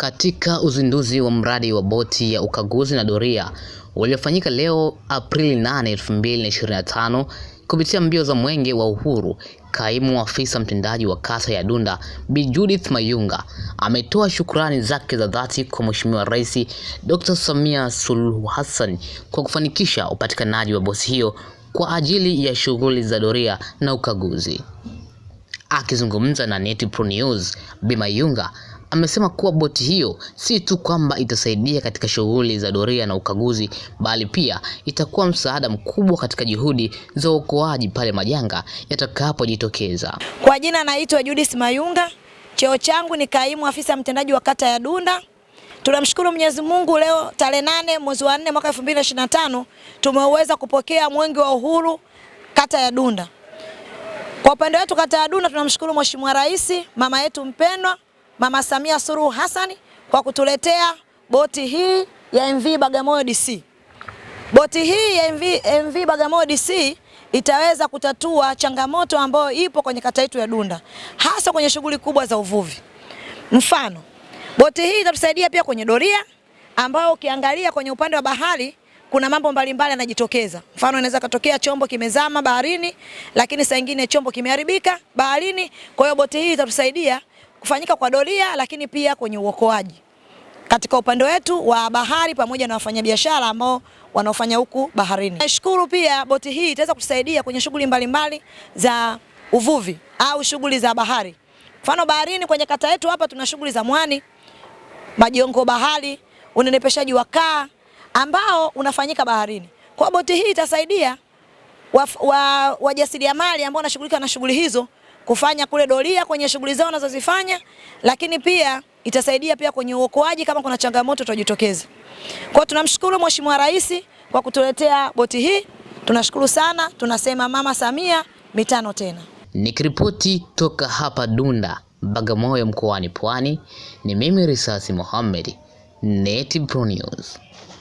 Katika uzinduzi wa mradi wa boti ya ukaguzi na doria uliofanyika leo Aprili 8, 2025 kupitia mbio za Mwenge wa Uhuru, kaimu afisa mtendaji wa kata ya Dunda Bi Judith Mayunga ametoa shukrani zake za dhati kwa Mheshimiwa Rais Dr. Samia Suluhu Hassan kwa kufanikisha upatikanaji wa boti hiyo kwa ajili ya shughuli za doria na ukaguzi. Akizungumza na Net Pro News, Bi Mayunga amesema kuwa boti hiyo si tu kwamba itasaidia katika shughuli za doria na ukaguzi, bali pia itakuwa msaada mkubwa katika juhudi za uokoaji pale majanga yatakapojitokeza. Kwa jina naitwa Judith Mayunga, cheo changu ni kaimu afisa mtendaji wa kata ya Dunda. Tunamshukuru Mwenyezi Mungu, leo tarehe nane mwezi wa nne mwaka 2025 tumeweza kupokea mwenge wa uhuru kata ya Dunda. Kwa upande wetu kata ya Dunda tunamshukuru Mheshimiwa Rais mama yetu mpendwa Mama Samia Suluhu Hassan kwa kutuletea boti hii ya MV Bagamoyo DC. Boti hii ya MV, MV Bagamoyo DC itaweza kutatua changamoto ambayo ipo kwenye kata yetu ya Dunda hasa kwenye shughuli kubwa za uvuvi. Mfano, boti hii itatusaidia pia kwenye doria ambao ukiangalia kwenye upande wa bahari kuna mambo mbalimbali yanajitokeza. Mfano, inaweza katokea chombo kimezama baharini, lakini saa nyingine chombo kimeharibika baharini. Kwa hiyo boti hii itatusaidia kufanyika kwa doria, lakini pia kwenye uokoaji katika upande wetu wa bahari pamoja na wafanyabiashara ambao wanaofanya huku baharini. Nashukuru pia boti hii itaweza kutusaidia kwenye shughuli mbalimbali za uvuvi au shughuli za bahari. Mfano baharini kwenye kata yetu hapa tuna shughuli za mwani, majongo bahari, unenepeshaji wa kaa ambao unafanyika baharini. Kwa boti hii itasaidia wajasiriamali wa, wa ambao wanashughulika na shughuli hizo kufanya kule doria kwenye shughuli zao wanazozifanya, lakini pia itasaidia pia kwenye uokoaji kama kuna changamoto tutajitokeza. Kwa tunamshukuru Mheshimiwa Rais kwa kutuletea boti hii, tunashukuru sana, tunasema Mama Samia mitano tena. Nikiripoti toka hapa Dunda, Bagamoyo, mkoani Pwani, ni mimi Risasi Mohamed, Native Pro News.